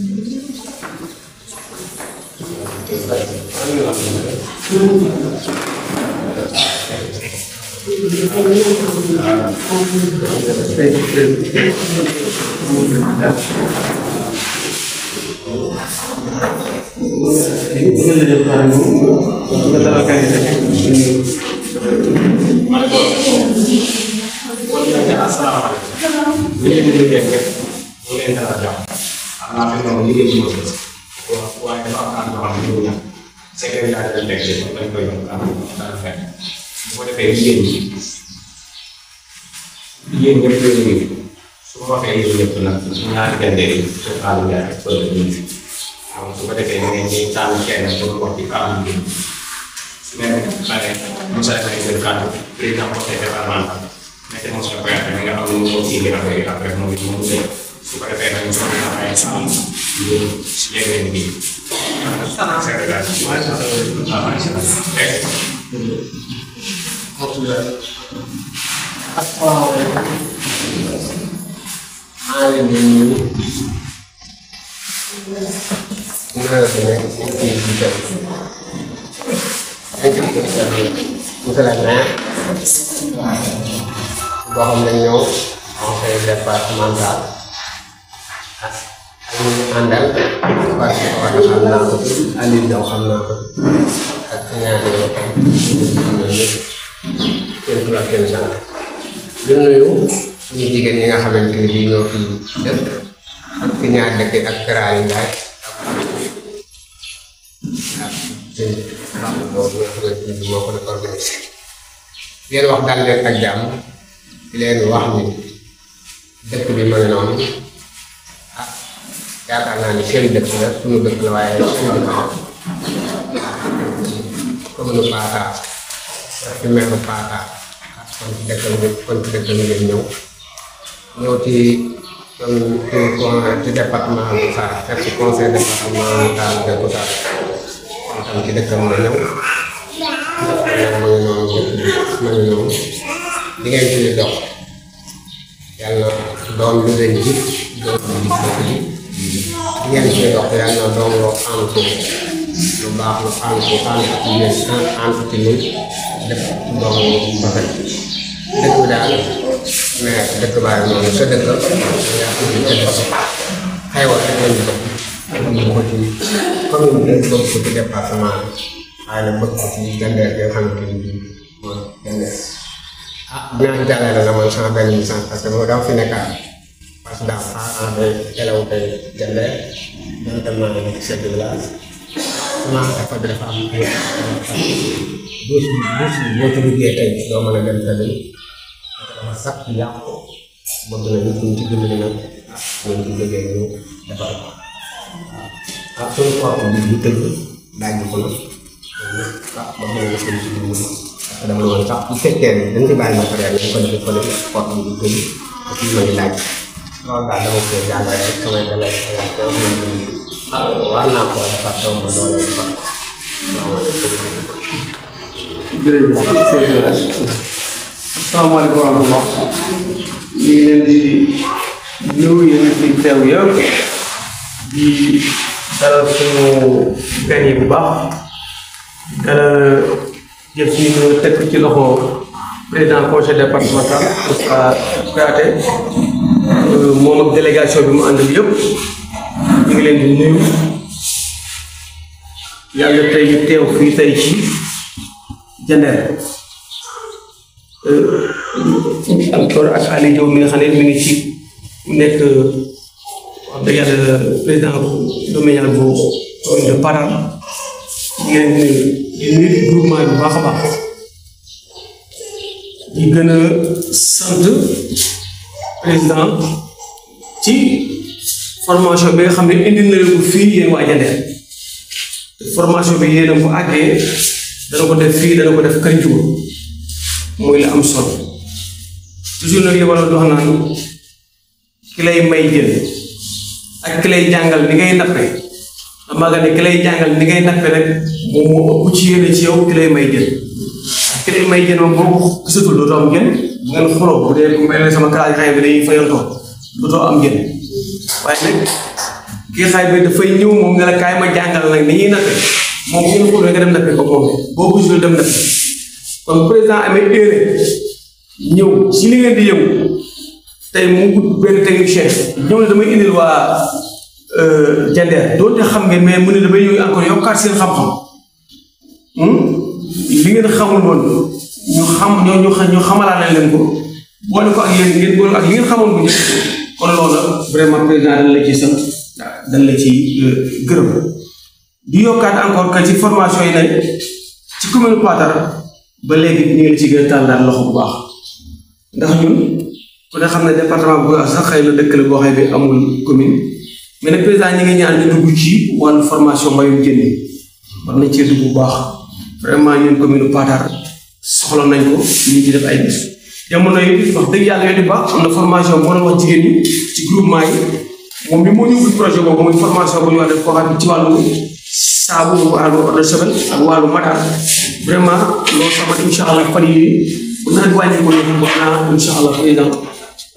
Assalamualaikum. Ini menjadi yang boleh kita xanaa fexe ba liggéey bi mos waaye dafa am kàddu yoo xam ne ñu ñàkk secrétaire dañ koy yokk daal fekk bu ko defee liggéey bi yéen ñëpp la ñu su ma waxee yéen ñëpp nag ñaari gàncax yi su xaalu jaay ak bële ñu donc su ko defee ne ñuy tànn kenn pour wax ci kàddu gi nekk xale Moussa Ndiaye jël kàddu président conseil départemental nekk Moussa Koyate mi nga xam ne moom moo indi affaire yi après moom it moom su pada kayak nanya yang sama dulu dia kayak saya tegas apa eh atau hari ini Enggak, saya tidak. Saya tidak bisa. Misalnya, bahwa beliau, saya dapat mandat ñu àndal waa xam naa ko Aliou Ndao xam naa ko ak ñaari yoo xam ne kenn ku la kenn sant di nuyu ñu jigéen ñi nga xamante ne bii ñoo fi dëkk ci ñaar dëkk ak Kara yi Ndiaye ak seen boobu nga xamante ne bii moo ko doon organisé leen wax daal leen ak jàmm leen wax ni dëkk bi mel noonu yaakaar naa ni seen dëkk la suñu dëkk la waaye suñu dëkk la commune Paata ci meeru kon ci dëkkal bi kon ci dëkkal ngeen ñëw ci ci département Moussara fekk ci conseil départemental de Moussara kon tam ci dëkkal ma ñëw ma ngi noonu li ngeen ci dox yàlla doom lu leen ji doom lu leen ji ngeen cee dox yal na dongoo ànd ko lu baax lu ànd ko ànd ak yéen ànd ci ñun def dongoo mbafet dëkk bi daal mais dëkk baa yi noonu sa dëkk yaa ngi ko def xayawal rek lañ bëgg ko ci commune bi bëgg ko ci département waaye nag bëgg ko ci ah dinaa jàllale la man sama benn mission parce que moo dama fi nekkaat ndax en vrai ngelaw kay jënde ñun dem naa nekk chef de village semence dafa bi dafa am ay douche douche boo ci duggee tey doo mën a dem tamit dafa sax yàqu ko bëgg na nit ñi ci dimbali nag ñun ci jógee ñu defar ko waaw ak suñu porte bi bu tëgg daaj ko nag ah bëgg na nit ñi ci dimbali parce que dama ne woon sax bu fekkee ne dañ ci bàyyi matériel dañ ko def ko def porte bi bu tëgg ak ñu mën di laaj loolu daal dama koy ma doole defar jërëjëf asalaamaaleykum wa rahmatulah ñu ngi leen di nuyu di dalal suñu gan bu baax dana jël suñu ci loxo président conseil départemental Moussa Kouyaté Euh, moom ak délégation bi mu àndal yëpp ñu ngi leen di nuyu yàlla tey teew fii tey ci Diender euh, ak Aly Diop mi nga xam ne mi ngi ci nekk wax dëgg yàlla président domanial bu commune de Paral ñu ngi di nuyu di groupement baax baax di gën a sant président ci formation bi nga xam ne indi na leen ko fii yéen waa formation bi yéen a ko àggee dana ko def fii dana ko def Kànjoor muy la am solo toujours nag li war dox naan ki may jël ak ki lay jàngal ni ngay nappee damaa gën ne ngay nappee rek moom moo ëpp ci yéen ci yow ki may jël ki may jël moom boo ko gisatul doo am jën bu ngeen xuloo bu dee ku mel ne sama kalaay xay bi dañuy fayantoo dootoo am njëriñ waaye nag kii xay bi dafay ñëw moom ne la kaay ma jàngal nag ni ñuy nappe moom bu ngeen xuloo nga dem nappe ko moom boo ñëw ne damay indil waa Diender euh, doonte xam ngeen mais mu ne damay yooyu encore yokkaat seen xam-xam. Hmm? li ngeen xamul woon ñu xam ñoo ñu ñu xamalaale leen ko boole ko ak yéen ngeen li ngeen xamoon bu njëkk kon loola vraiment président dañ la ci sant euh, di yokkaat encore que ci formation yi nañ ci commune Patar ba léegi ñu ngi la ci gën a loxo bu baax ndax ñun ku ne xam ne département bu sa xëy na dëkk la boo xam ne amul commune mais nag président ñi ngi ñaan ñu dugg ci wàllu formation mbayum jën yi war nañ cee dugg bu baax. vraiment ñun commune Patar soxla nañ ko ñu ci def ay bés. jamono wax dëgg yàlla yooyu di baax na formation boo doon wax jigéen ñi ci moom bi moo ñëwul projet boobu mooy formation bu ñu wax def ko xam ci wàllu saabu wàllu a de javel wàllu madar vraiment loolu sama incha allah fan yii bu nawet wàññi ko noonu wax naa incha allah président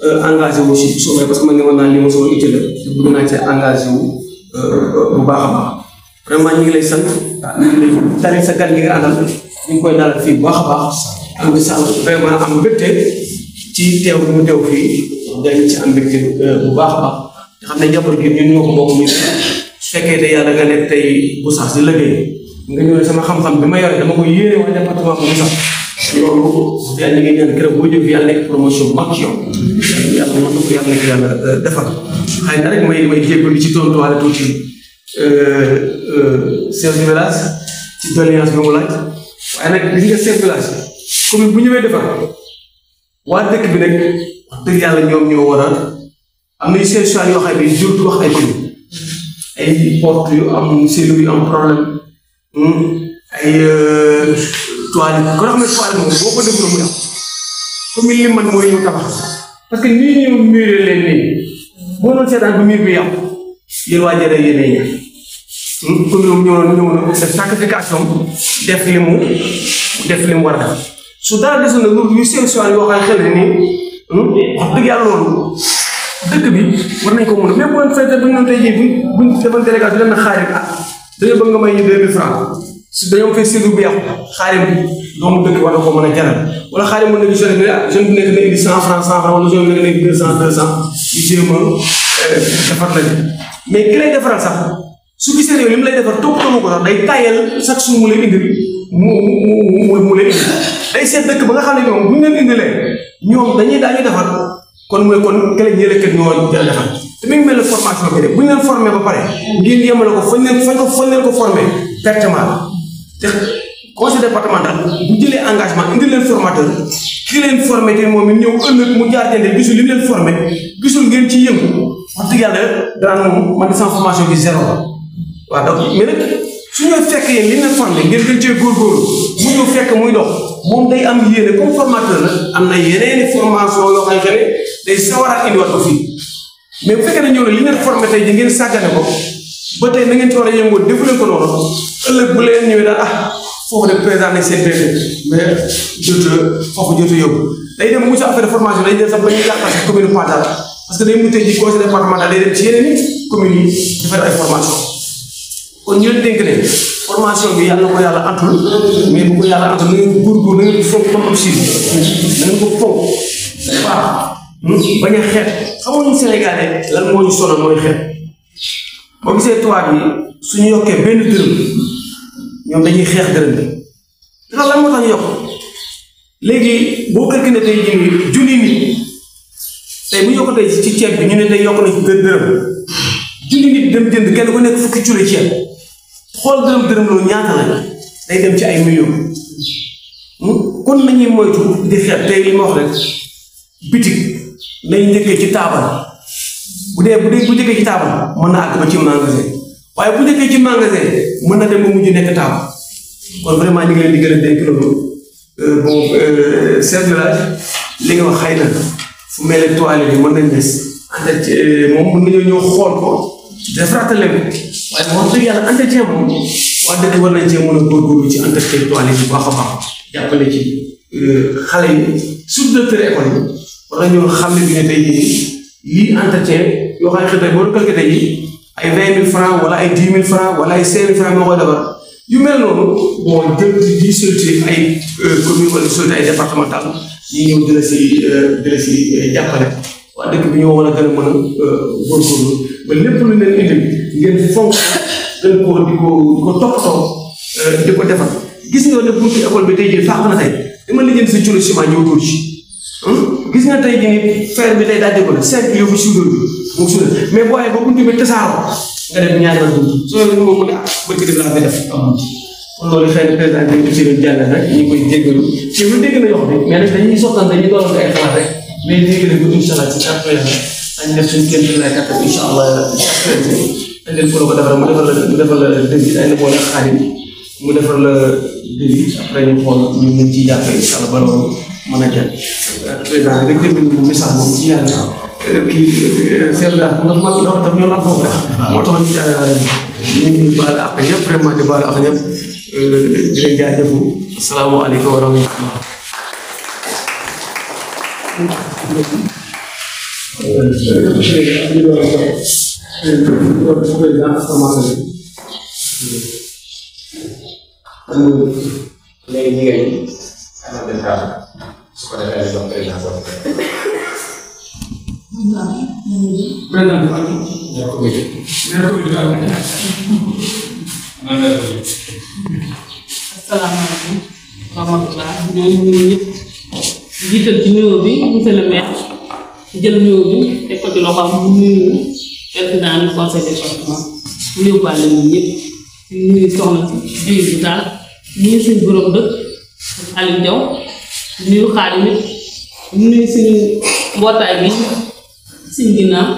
euh, engagé wu si su parce ne a utile te bëgg naa cee engagé wu euh, bu baax a vraiment ñu ngi lay sant ah, ñu ngi lay naa sa gan fii bu baax a baax am nga sa vraiment am mbégte ci teew bi mu teew fii euh, bu baax baax nga xam ne jamono ji ñun ñoo ko bokk ñu fekkee te yàlla nga nekk tey bu sax si liggéey nga ñëw sama xam-xam bi ma yore dama ko yéene wala département bu sax loolu yàlla ngi ñaan kër boo jóg yàlla nekk promotion bu mag ci yow yàlla moo tax yàlla nekk yàlla euh, defar xëy na rek may may jéggalu ci tontuwaale tuuti chef de village ci doléance bi waaye nag gis nga chef de village commune bu ñëwee defar waa dëkk bi nag wax dëgg yàlla ñoom ñoo war a am na yu seen yoo xam ne jur du wax ay commune ay porte yu am cellules yu am problème hmm? ay euh, toilettes kon xam ne toilette moom boo ko defee mu def commune li man mooy ñu tabax parce que nii ñu muré leen nii boo doon seetaan bu mur bi yàqu. yéen waa Jalle yéenay ña mu commune am ñëw na ñëw na def sacrification def li mu def li mu war a def su dara desul nag loolu ñu solution yoo xam ne xel ni nii hmm, wax dëgg yàlla loolu dëkk bi war nañ ko mën a mais bu doon fekk bu ñu doon tey jii bu bu ñu defoon délégation dinañ la xaaree ah dañoo bëgg nga may ñu deux mille francs su dañoo fay séddu bu yàqu xaaree bi doomu dëkk war na ko mën a jaral wala xaaree mën na gis ah, jeune bi jeune bi nekk na indi cent francs cent francs wala jeune bi nekk na indi deux cent deux cent ñu jéem a defar lañu mais ki lay defaral sax su gisee yow mu lay defar toppatoo ko sax day tayal chaque jour mu lay indil mu mu mu lay indil day seet dëkk ba nga xam ne ñoom bu ñu leen indilee ñoom dañuy daañu defar kon mooy kon kële ñële kër ñoo defar te mi ngi mel ne formation bi rek bu ñu leen formé ba pare. ngir yemale ko fañ leen fañ ko fañ leen ko formé pertement te. conseil départemental bu jëlee engagement indi leen formateur ki leen moom it ñëw ëllëg mu jaar jëndee gisul li mu gisul ngeen ci yëngu wax dëgg yàlla danaan moom man bi zéro la waaw donc mais nag su ñoo fekk yéen li leen formé ngeen gën cee góorgóorlu mu ñëw fekk muy dox moom day la am na yeneen formation yoo xam ne day sawaraat indiwaat ko fii mais bu fekkee ne ñëw ne li leen formé tey ji ngeen sàggane ko ba tey na ngeen ci war a yëngoo defu leen ko noonu ëllëg ah foofu de présenté CPD mais jot foofu jot yóbbu day dem mu ci affaire formation day dem sax ba ñuy yàqal ci commune Patar parce que day mujj ci day dem ci yeneen i communes yi di faire kon ñu leen dénk ne formation bi yàlla ko yàlla ko yàlla antul na ngeen ko góorgóorlu na ngeen ko fonk comme am siib na ngeen ko fonk waaw hmm? bañ a xeet xamuñu Sénégalais lan moo ñu sonal mooy xeet boo gisee tubaab yi suñu yokkee benn dërëm. ñoom dañuy xeex dërëm bi loolu lan moo tax yokk léegi boo ëkk ne tey jii nii junni nit tey bu yokk tey ci ceeb bi ñu ne tey yokk na ci gën dërëm junni nit dem jënd kenn ku nekk fukki cuure ceeb xool dërëm dërëm loolu ñaata la day dem ci ay millions hmm? kon nañuy moytu di xeet tey li ma wax rek bitik lañ njëkkee ci taabal bu dee bu dee bu njëkkee ci taabal mën naa àgg ba ci magasin waaye bu nekkee ci magasin mën na dem ba mujj nekk taabu kon vraiment ñu ngi leen di gën a dénk loolu bon euh, chef de li nga wax xëy na fu mel ne bi mën nañ des entretien euh, moom mën nañoo ñëw xool ko defaraatale ko waaye wax dëgg yàlla entretien moom wax dëgg war nañ cee mën a góorgóorlu ci entretien toile bi baax a baax jàppale ci euh, xale yi surtout directeur école yi war nañoo xam ne bi ne tey jii lii entretien yoo xam ne boo doon calculé tey ay vingt mille franc wala ay dix mille franc ay cinq mille franc moo yu mel noonu moo jëm di di sollicité ay euh, commune wala sollicité ay départemental yi ñëw di la euh, euh, ñoo war a gën a mën lépp lu leen indil ngeen fonk gën koo di ko di ko toppatoo di ko defar gis nga ne buntu école bi tey jii faax na tey dama lijjanti si coono ciment ñëw gis nga tey jii nii fer bi day daal di ko def seet bi yóbbu suudal bi mu suudal mais boo xoolee ba buntu bi tasaaroo nga def ñaareel buntu soo yore nga ko ne ah bëccëg def laa koy def amul. loolu xëy na président bi aussi lañ jàllale rek ñu koy jéggalu ci lu dégg na yox bi mais nag dañuy sottante ñu doon ay xalaat rek mais dégg na ko incha allah ci kàttan yàlla dañ def suñu kéem tolluwaay kàttan incha allah dañ leen ko defal mu defal la mu defal la dëgg dañ la boole xaalis mu defal la dëgg après ñu xool ñu mën ci jàppee incha allah ba loolu mën a jël président rek déglu ñu message moom ci yàlla kii seen daal ndax man dafa daf ñoo lan foofu rek moo tax ñu euh, ngi baal ak ñëpp vraiment di baal ak ñëpp euh, di leen jaajëfu asalaamaaleykum wa rahmatulah léegi ñu ngi su ko defee rek donc président boo ko defee. président bi fan. maire comité. maire comité waaw. man maire comité. asalaamaaleykum. wa rahmatulah ñooñu ñun ñëpp jiital ci nuyoo bi monsieur le maire jël nuyoo bi teg ko ci loxoom mu nuyu président du conseil département mu yóbbaale ñun ñëpp ñu nuyu soxna si biir bu taal ñu nuyu suñu borom dëkk Aliou Diaw. di nuyu xaalis nit di nuyu suñu mbootaay bi suñ ginnaaw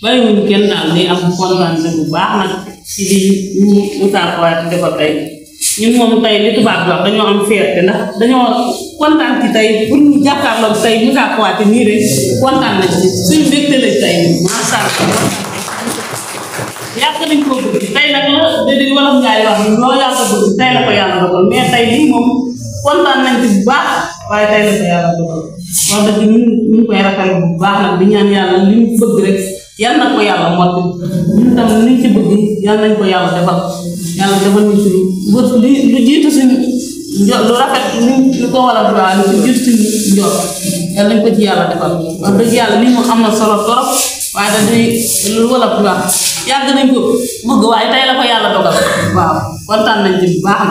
bàyyiwuñ kenn daal di am kontaan bu baax nag ci di ñu mutaat waaye di defar tey ñun dañoo ko bëgg tey nag la déedéet bu baax waaye tey la ko yàlla dogal wax dëgg ñun ñu koy rafetlu baax nag nañ ko yàlla defal yàlla defal ñu ci lu lu a duraa ci yàlla defal wax yàlla am na solo torop waaye da di ko bëgg waaye tey la ko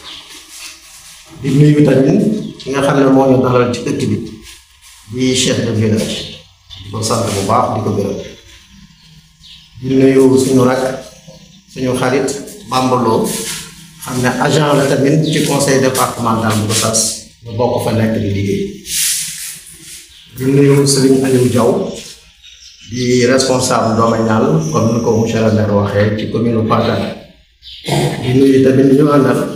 di nuyu tan ñu nga xamne mo ñu dalal ci dëkk bi di chef de village bo sant bu baax di ko gërëm di nuyu suñu rak suñu xarit bambaloo xamne agent la tamit ci conseil départemental bu tass bu bokk fa nek di liggéey di nuyu Serigne Aliou Diaw di responsable domanial comme ko monsieur le maire waxee ci commune patane di nuyu tamit ñu andal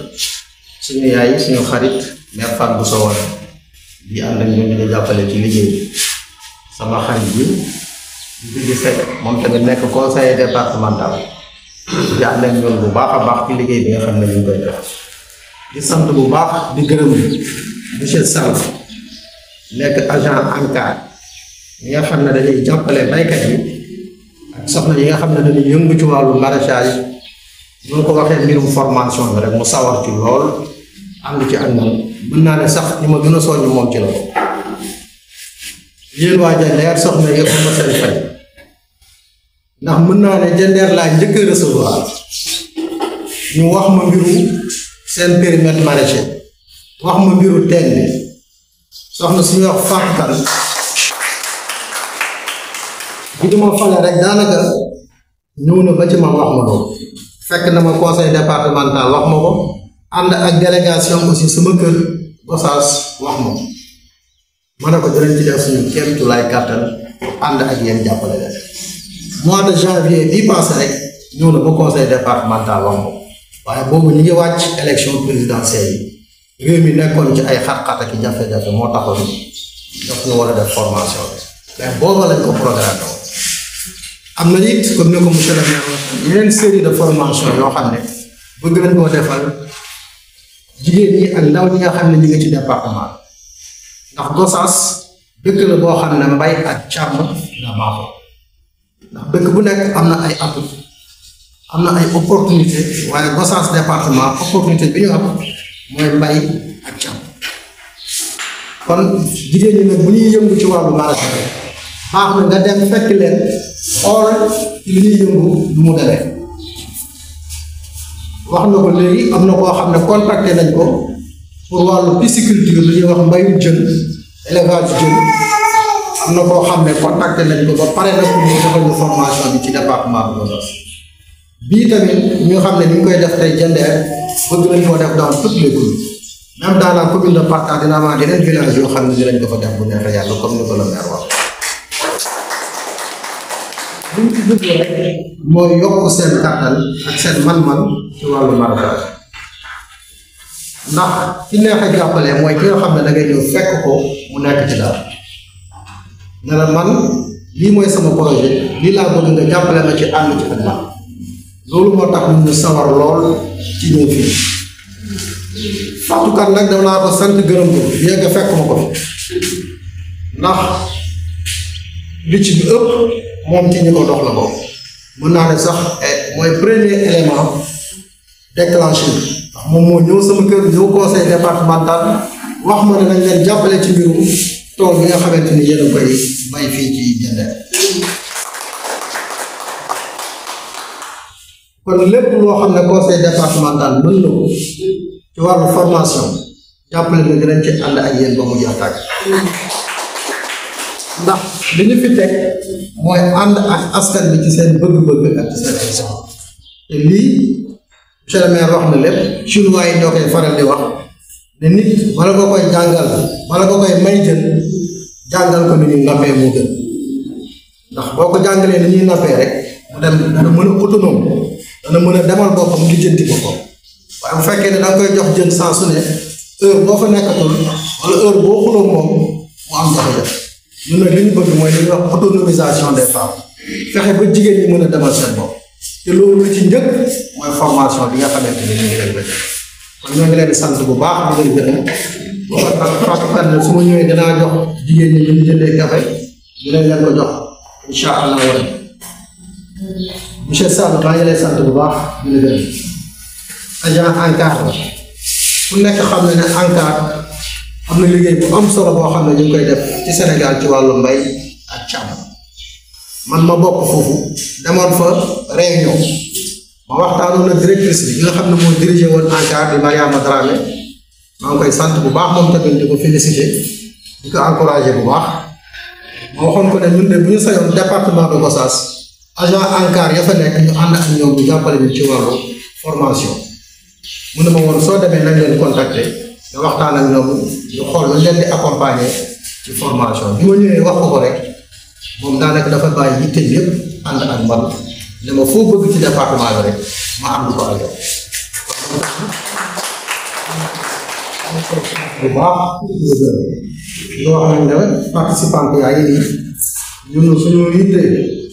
suñu yaay suñu xarit mère fan bu Sowal di and ak ñun ñu jàppale ci liggéey sama xarit bi di di fekk moom tamit nekk conseiller départemental di and ak ñun bu baax a baax ci liggéey bi nga xam ne ñu koy def di sant bu baax di gërëm monsieur Sall nekk agent ANCAR ñi nga xam ne dañuy jàppale baykat yi ak soxna yi nga xam ne dañuy yëngu ci wàllu maraîchage ñu ko waxee mbirum formation bi rek mu sawar ci lool ànd ci ak moom naa ne sax ñu ma gën a soññ moom ci la ko yéen waa Jandeer soxna yëpp ma seen fay ndax mën naa ne Jandeer laa njëkk a recevoir ñu wax ma mbiru seen périmètre maraîcher wax ma mbiru teen bi soxna suñu wax fàqkan bi duma fale rek daanaka ñëw na ba ci ma wax ma ko fekk na ma conseil départemental wax ma ko ànd ak délégation aussi sama kër Gossas wax moom ma ne ko danañ ci def suñu kéem tolluwaay kàttan ànd ak yéen jàppale leen mois de janvier bii passé rek ñëw na conseil départemental wax moom waaye boobu ñu ngi wàcc élection présidentielle réew mi nekkoon ci ay xat-xat ak i jafe-jafe moo taxoon daf ñu war a def formation mais booba lañ ko programme woon comme ni ko monsieur le maire waxee série de formation yoo xam ne bëgg nañ koo defal. jigéen ñi ak ndaw ñi nga xam ne ñu ngi ci département ndax Gossas dëkk la boo xam ne mbay ak càmm la baaxoo ndax dëkk bu nekk am na ay atu am na ay opportunité waaye Gossas département opportunité bi ñu am mooy mbay ak càmm kon jigéen ñi nag bu ñuy yëngu ci wàllu maraîchage baax na nga dem fekk leen xool li ñuy yëngu lu mu demee wax na ko léegi am na koo xam ne contacté nañ ko pour wàll pisciculture lu ñuy wax mbayum jën élevage jën am na koo xam ne contacté nañ ko ba pare na pour ñu defal ñu formation bi ci département bi Gossas bii tamit ñu xam ne ñu ngi koy def tey Diender bëgg nañ koo def dans toutes les communes même la commune de Patta dina amaat yeneen village yoo xam ne dinañ ko def bu neexee yàlla comme ni ko la maire buñ ci jublu rek ak seen man-man ci wàllu marafat ndax neex ki nga da ngay fekk ko mu nekk ci man lii mooy sama projet lii laa bëgg nga jàppale ma ci ànd ci ak loolu moo tax ñu sawar lool ci ñëw fii fàttukat nag ko ko fekk ma ko ndax li ci bi ëpp moom ci ñu ko dox la bokk mën naa ne sax eh, mooy premier élément déclenché moom moo ñëw sama kër ñëw conseil départemental wax ma ne nañ leen jàppale ci mbirum tool bi nga xamante ni yéen a koy bay fii ci Diender kon lépp loo xam ne conseil départemental mën na ko ci wàllu formation jàppale na dinañ ci ànd ak yéen ba mu jaataag ndax li fi tek moy and ak askan bi ci seen bëgg-bëgg ak ci seen ay soxla te lii monsieur le wax na lepp ci way ñoo faral di wax né nit wala ko koy jangal wala ko koy may jël jangal ko ni ñuy mo gën ndax boko jangalé ni ñuy rek mu dem dana mëna autonome dana demal di jënti da koy jox jël sans suné heure fa wala heure mom mu am ñun nag li ñu bëgg mooy li ñuy wax autonomisation des femmes fexe ba jigéen ñi mën a demal seen bopp te loolu ci njëkk mooy formation bi nga xamante ni ñu di sant bu baax di leen gërëm ma ñëwee dinaa jox jigéen ñi ñu jëndee café ñu leen leen allah wala monsieur Sall maa ngi sant bu baax di la nekk xam na ne ANCAR. am na liggéey bu am solo boo xam ne ñu ngi koy def ci Sénégal ci wàllu mbay ak càmm man ma bokk foofu demoon fa réunion ma waxtaanoon na directrice bi nga xam ne moo dirigé woon ANCAR di Mariama Dramé maa ngi sant bu baax moom tamit di ko félicité bu baax ma waxoon ko de bu département de Gossas agent ANCAR ya fa nekk ñu ànd ak ñoom ñu jàppale ñu ci wàllu formation mu ne ma woon soo demee nañ leen contacter. di waxtaan ak ñoom di xool lu leen di accompagner ci formation bi ma ñëwee wax ko ko rek moom daanaka dafa bàyyi yitte yëpp ànd ak man ne ma foo bëgg ci département bi rek ma am lu ko ak yow bu baax ñu wax nañ ne participant yaa ngi nii ñun suñu yitte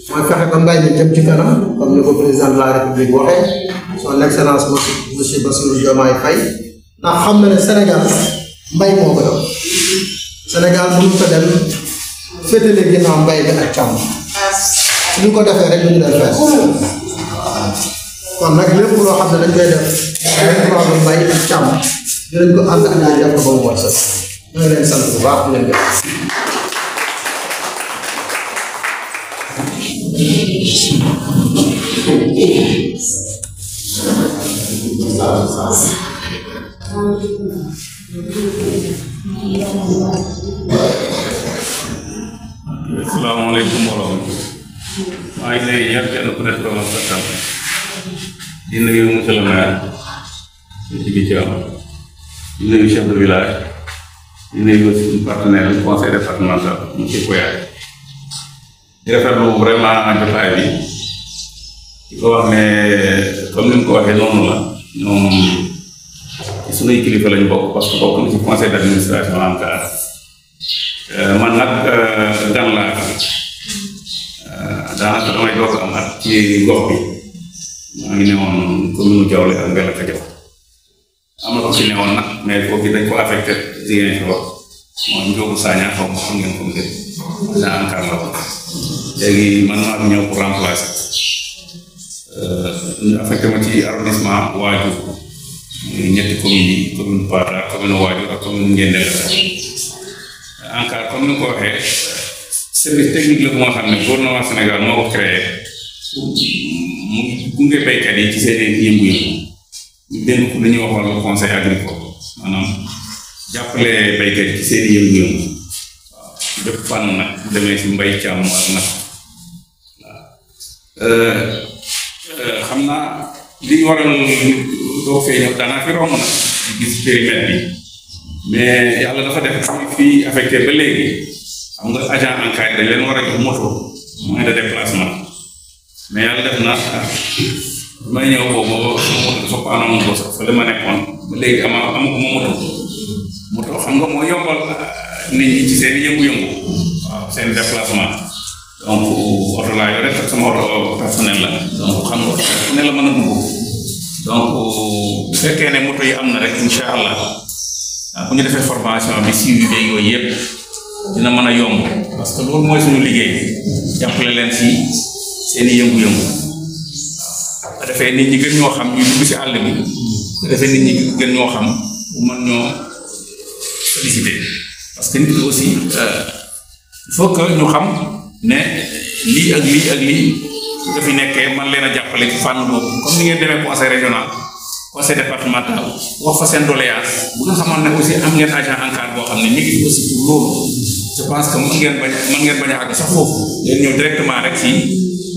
mooy fexe ba mbay mi jëm ci kanam comme ni ko président de la république waxee son excellence monsieur Bassirou Diomaye Faye ndax xam na ne Sénégal mbay moo ko yor Sénégal ko dem féetale ginnaaw mbay bi ak càmm ko defee rek ñu nag lépp loo xam ne dañ koy def dañ ko mbay ak càmm dinañ bu baax asalaamaaleykum mbooloo maa ngi lay yar kenn ku sa tam di nuyu monsieur le maire ci bi ci am di nuyu chef de village di nuyu suñu partenaire conseil départemental monsieur Koyaay di vraiment jotaay bi di ko wax ne comme ni mu ko waxee noonu la ñoom ci sunuy kilifa lañ bokk parce que bokk na ci conseil d' administration ANCAR man dan la laa daanaka damay doog am at ci gox bi ma ngi newoon commune jawle ak Mbella Kajaw am na ko ci newoon nak mais ko fi dañ ko affecter affecté jigéen ci wax moom Ndiogu Sagna xaw ma xam ngeen ko mbir na ANCAR la legi man maa ñëw pour remplacer euh affecter ma ci arrondissement waajur ñetti communes yi commune Paal ak commune Waajur ak commune Ngendela ANCAR comme ni nga waxee service technique la bu xam ne gouvernement Sénégal moo ko créé mu gunge béykat yi ci seen yëngu-yëngu ñu dénk lu ñuy wax wàllu nag demee si mbay càmm ak nag euh, euh, xam naa li waral doo feeñal daanaa fi romb na gis périmètre bi mais yàlla dafa def fii affecté ba léegi xam nga agent ANCAR dañ leen war a jox moto moyen de déplacement mais yàlla def na may ñëw boobu sama moto dafa paanoon ko sax fa la ma nekkoon ba léegi ama amaguma moto moto xam nga moo yombal nit ñi ci seen yëngu-yëngu waaw seen déplacement donc laa yore sama oto personnel la donc xam nga ne la mën a dugg donc bu fekkee ne moto yi am na rek incha allah bu ñu defee formation bi suivi beeg yooyu yëpp dina mën a yomb parce que loolu mooy suñu liggéey jàppale leen ci seen yëngu-yëngu waaw defee nit ñi gën ñoo xam ñu dugg ci àll bi bu ñoo xam bu que nit aussi euh, il ñu xam ne lii ak lii ak lii. ko fi nekkee man leena a ci fànn boobu comme ni ngeen démé ko conseil régional conseil départemental wax fa seen doléance bu nga xamone ne aussi am ngeen agent encadre boo xam ne ñu ngi aussi pour loolu je pense que mën ngeen bañ man ngeen bañ ak sax foofu ñeen ñew directement rek ci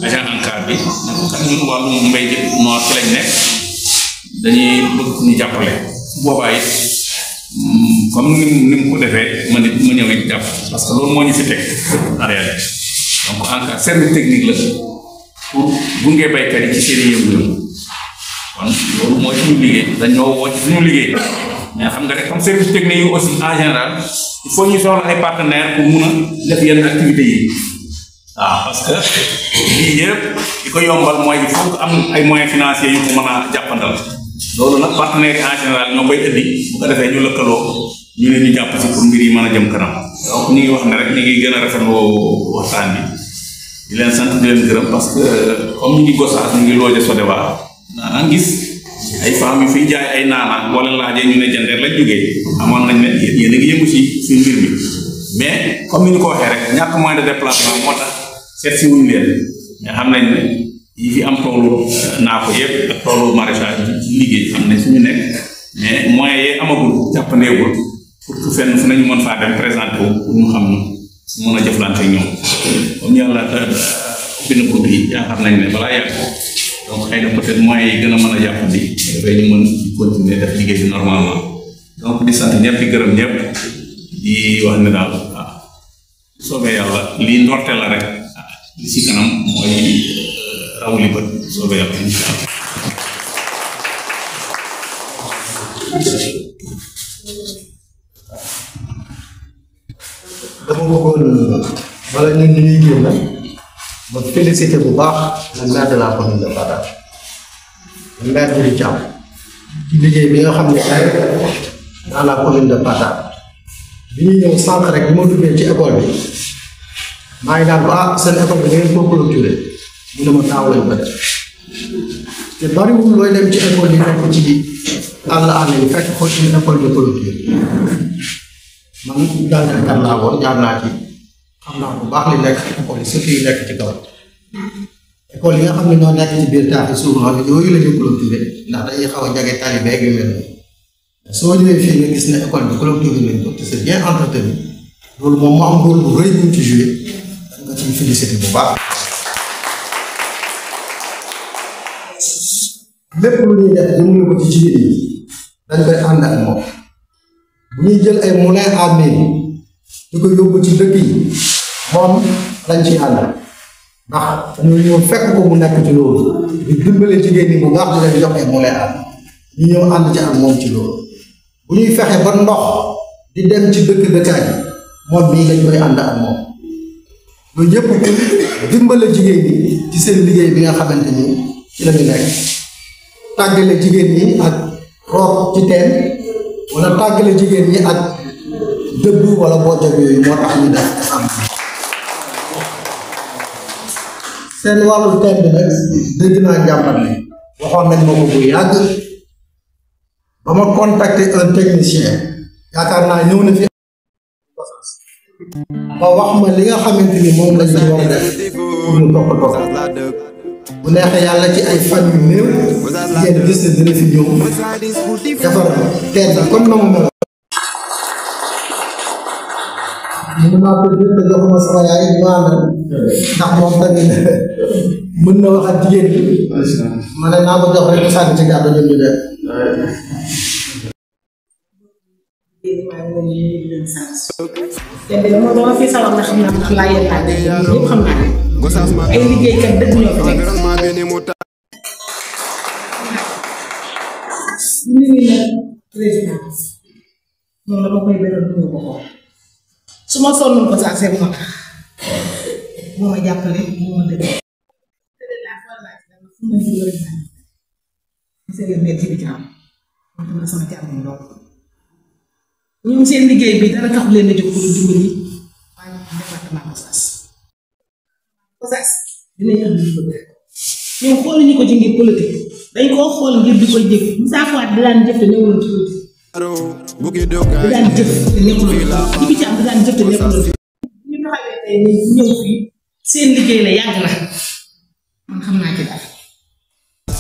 agent encadre bi nak ko walu ñun wàllum mbay noor ci lañ nekk dañuy bëgg ñu jàppale boba yi hmm, comme ni ni ko défé ma nit ma ñëw it jàpp parce que lool mo ñu fi tek en réalité donc en cas service technique la pour gunge baykat yi ci seen yëngu yi kon loolu mooy suñu liggéey dañoo wo ci suñu ligé mais xam nga rek comme service technique yi aussi en général il faut ñu soxla ay partenaires pour mëna def yenn activité yi ah parce que lii yëpp di ko yombal mooy il faut am ay moyens financiers yu ko mëna jappandal lolu nak nag partenaires en général ñoo koy indi bu ko defee ñu lëkkaloo ñu leen di jàpp ci pour mbir yi mën a jëm kanam donc ñu ngi wax ne rek ñu ngi gën a rafetlu waxtaan bi di leen sant di leen gërëm parce que comme ñu ngi gosaas ñu ngi looje sodewa naanaa gis ay femme yu fiy jaay ay naanaa boo leen laajee ñu ne jënder la jógee amon nañ ne yeen nga yëngu ci ci mbir bi mais comme ni ko waxé rek ñak moyen de déplacement moo tax seet wuñ leen mais xam nañ ne yi fi am tolu naa ko yëpp ak toolu maraîchage ci liggéey xam nañ suñu nek mais moyen yi amagul jàppandeegul pour que fenn fu nañu mën fa dem présenté wu ñu mu mën a jëflante ñoom comme yàlla bin ko bi ya xam nañ ne bala yàgg donc xëy na peut être moyens yi gën a mën di dafay ñu mën continuer def liggéey bi normalement donc di sant ñepp di gërëm ah. ñepp ah, di wax ne daal ah yalla li lii ndorte la rek li ci kanam mooy eh, rawu li bët soobee yalla incha allah dama bëggoon wala ñun ñu ñuy ma félicité bu baax le maire de la commune de Fatick le maire Diouf Thiam ci liggéey bi nga xam ne ay dans la commune de Fatick bi ñuy ñëw sànq rek bi maa ngi daal ba ah, seen école bi da ngeen ko clôturé mu ne ma te bariwul looy dem ci école yi nekk ci àll àll yi fekk ko ci école de clôture man jàngalekat laa woon jaar naa xam naa bu baax li nekk ci école yi surtout yi ci kaw école yi nga xam ne ñoo nekk ci biir taax yi suuf loolu yooyu la ñu clôturé ndax dañuy xaw a jage tali beeg yu mel soo ñëwee fii nga gis ne école bi clôturé loolu moom moo am rôle bu rëy bu ci joué dañ baax. lépp lu ñuy def jëmale ko ci jigéen ñi dañ koy ànd ak moom. ñuy jël ay moulin à mil di ko yóbbu ci dëkk yi moom lañ ci ànd ndax ñu ñëw fekk ko mu nekk ci loolu di dimbale jigéen ñi bu baax di leen jox ay moulin à ñu ñëw ànd ci ak moom loolu ñuy fexe ba ndox di dem ci yëpp dimbale jigéen ñi ci seen liggéey bi nga xamante ni ci la nekk tàggale jigéen ñi ak root ci teen wala tàggale jigéen ñi ak dëbb wala bojjag yooyu moo tax ñu def seen wàllu thème bi nag dégg naa njàmbat li waxoon nañ ma ko bu yàgg ba ma un technicien yaakaar naa ñëw na fi ba wax ma li nga xamante ni moom la ñu war a def pour ñu bu neexee yàlla ci ay fan yu néew ngeen gis ne dina teen bi comme na mu naa ko jël te joxuma sama yaay ñu àndal ndax moom tamit mën na wax ak jigéen naa ko jox rek sànni ci gàddu ñu def. maa di nuyu dama koy beral nuyu ko ko su ma sonnoon ko saa moo tax moo ma jàppale moo ma dëgg. fu ma nii loolu laa nekk. monsieur le maire ci bi ci am. sama càmm ñoom seen liggéey bi dara taxu leen a jóg pour dimbali waa département Gossas ko ci ngir politique dañ koo xool ngir di ko jëf Moussa Fouad da jëf te newuloon ci ñëw fii seen liggéey la yàgg na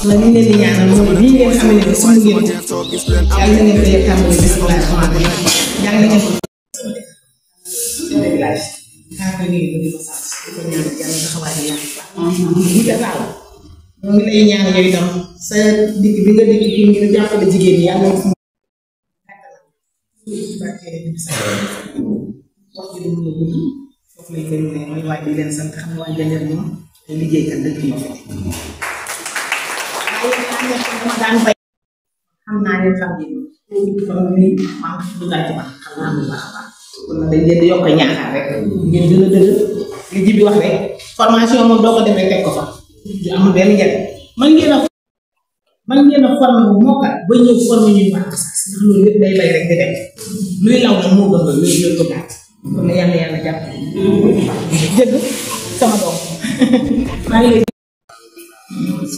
man leen di ñaanal mooy lii ngeen xam ne nii suñu ngi lay ñaan bi nga jigéen ñi yàlla moom. wax dëgg yàlla leen sant xam nga waaj dañu leen moom liggéeykat dëkk yi ma a man ngeen a man ngeen moo kat ba ñëw formé ñu baax loolu lépp day bay rek di dem luy law nag moo gën a luy luy ko daal kon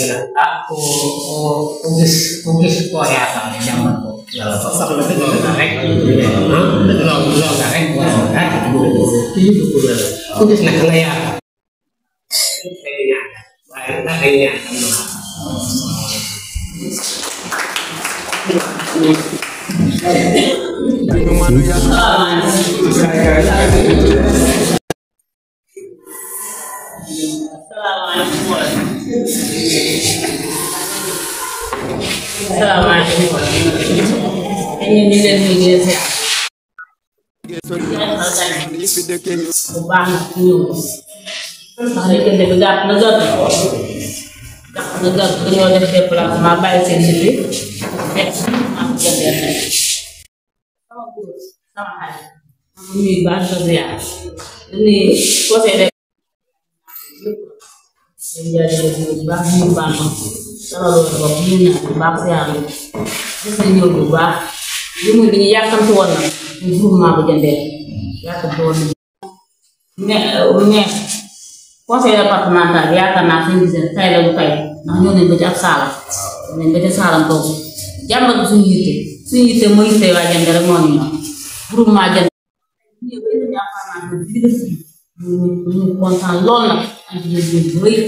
kira aku tulis tulis korea kan yang kalau Assalamualaikum warahmatullahi wabarakatuh. salaamaaleykum ñu ngi leen di leen ziar. bu baax na ci ñëw ndax diggante bi gàtt na gàtt gàtt na gàtt dañoo def déplacement bàyyi seen liggéey nekk am jëndee tey. sama góor sama xarit ma nuyu baax na ziar dañuy conseillé di jaajëfal baax jiw bu baax ma sama loolu bopp ñu ñaan bu baax si àll bi gis nañu bu baax li mu dañuy woon na ñu bu jëndee yàkkamti woon na. mais naa suñu gisee tey la bu tey ndax ñoo nañ ba saala nañ ba ci saalam toog jàmbat bi yitte suñu yitte mooy yitte waa jënd rek moo ñu ñor groupement jënd. ñu ñëw ba ñu am formation bi ñu ñu kontaan lool nag am jigéen bu rëy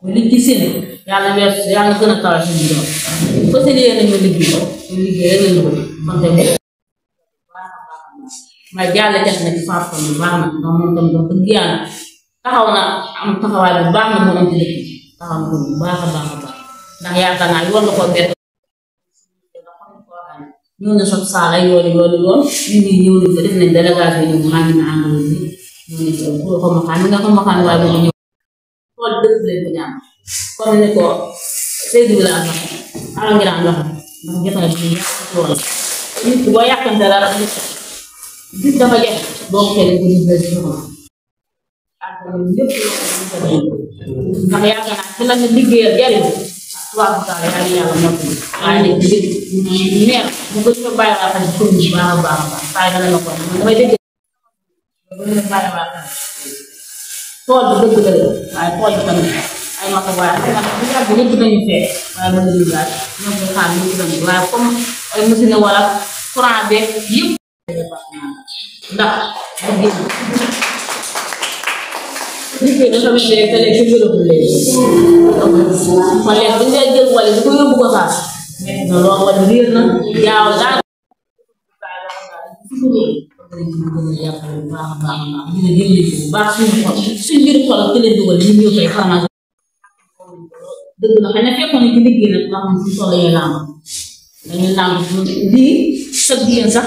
ba liggéey seen yàlla weer yàlla gën a kawe suñu doom bu fas yéene nañu liggéey ñu liggéey rek lañu ko ma jàll def na ci faafam bu baax na ndax moom tam doon dëgg yàlla taxaw na am taxawaay bu baax na mu am ci dëkk taxaw na bu baax a baax a baax ndax yaakaar naa yoon la ko bett ñëw na sob saala yoon yoon yoon ñu ngi ñëw ni ko def nañ délégation yi mu xam ne àndoo bul ko makan nga ko makan wala bu ñu ko deug leen ko ñaan ko ne ko sey la am ala ngi daan wax ndax jot na ci ñaan ko wala nit bu yakkan dara la nit nit dafa jeex boo ko ko nit la ci ko ak ñepp ndax yaaka na ci la liggéeyal jariñ waaw daal yaa ngi yàlla noppi waaye nag nit neex mu gën ko bàyyi la xam ko bu baax a baax bàyyi na la ko damay dégg bëgg na tool bi dëgg la waaye tool bi tamit ay matuwaay ay matuwaay bi lépp dañuy fekk waaye mën nañu daal ñoom ñu xaar ñu gën a waaye comme ay machine wala courant beeg yëpp. ndax liggéey liggéey dafa mel ne que léegi ci wéru léegi. kon léegi dañu lay jël wala du ko yóbbu ko xaar. nekk na loo xam ne réer na jaaw daal. dañ ci gën a jàppale bu baax a baax a baax dina yëngu bu baax suñu xol suñu biir xol ak leen dugal ñu ñëw tey formation dëgg la xëy na fekkoon ci liggéey nag nga xam si solo yi làmb dañu làmb lii sa jigéen sax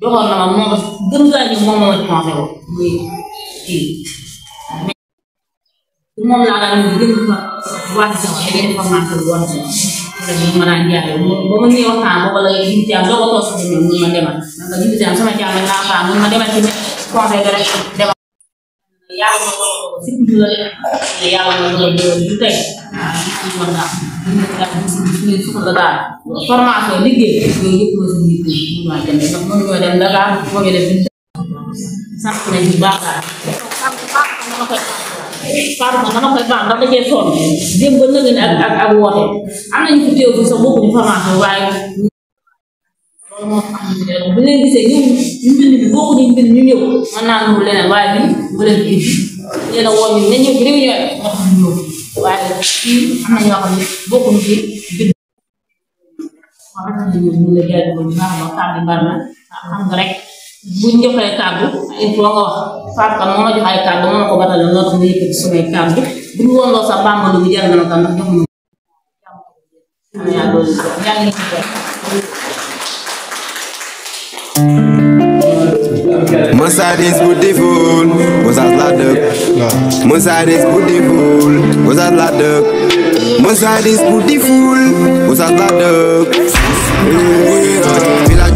joxoon na ma moom gën gaa ñëw moom moo ci commencé woon muy kii moom laa daan gën a wàcc sama yeneen formation bi ma naan jaayoo ba ma nuyoo waxtaan booba la Ibou Thiam doo ko toog si ñoom ma demal man ko Ibou Thiam sama càmm laa faa mun ma demal ci conseil bi rek demal. yàlla ma ko si biir la de yàlla ma ko du tey waaw ñu ngi la daal formation liggéey yooyu yëpp moo si nit ñi ñu dem ndax mënuñoo dem Dakar moo ñu def sant nañ bu baax daal. par ko ngana koy bang dama cee sonn dem ba nëgë ne ak ak ak woote am nañ ko teew fi sa bopp ñu formation waaye loolu moo tax ñu bu leen gisee ñu ñu mbind bi bokku ñu mbind ñu ñëw mën naa nuru leneen waaye bi bu leen indi nee na woo ñu ne ñëw réunion moo tax ñu ñëw waaye fii am na ñoo xam ne bokku ñu ci bind xam nga ñu la jaay ko ñu baax ba tàmbi bar na xam nga rek buñ joxee kàddu il faut nga wax Fatou Kane moo ma jox ay kàddu moo ma ko batale moo tax ma yëkkati sumay kàddu bu ñu woon lool sax bàmbalu bi jar na ma ko ndax jox ma jàng ci Musadis beautiful Gossas la dëkk Musadis beautiful Gossas la dëkk Musadis beautiful Gossas la dëkk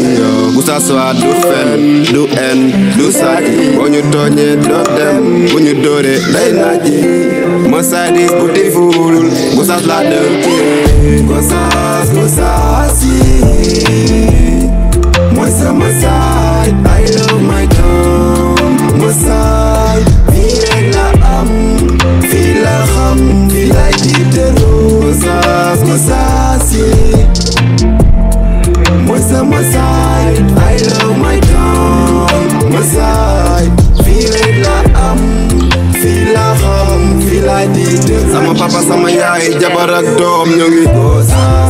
Musa so I do fen, do en, do sati When you turn it, drop them When you do it, they not it My side is beautiful Musa's like the king Musas, Musas, see Musa, Musa, I my side. I love my town, my side. sama papa sama yaay jabar ak doom ñu ngi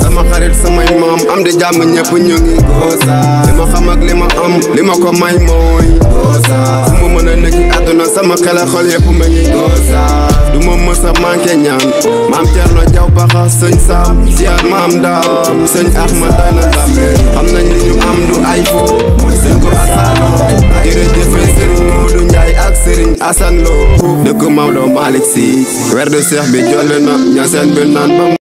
sama xarit samay maam am di jàmm ñëpp ñu ngi li ma xam ak li ma am li ma ko may mooy fu mu mën a nekk àdduna sama xel ak xol yëpp ma ngi du ma mës a manqué ñaan maam Thierno Diaw Baxa sëñ Saam ziar maam daam sëñ Ahmad daana Ndambe xam nañ li ñu am du ay fo sëñ ko asaalo jërëjëf sëriñ Moodu Njaay ak sëriñ Asan Lo dëkk Maodo Malick Si weer de seex bi jolle na ña seen bi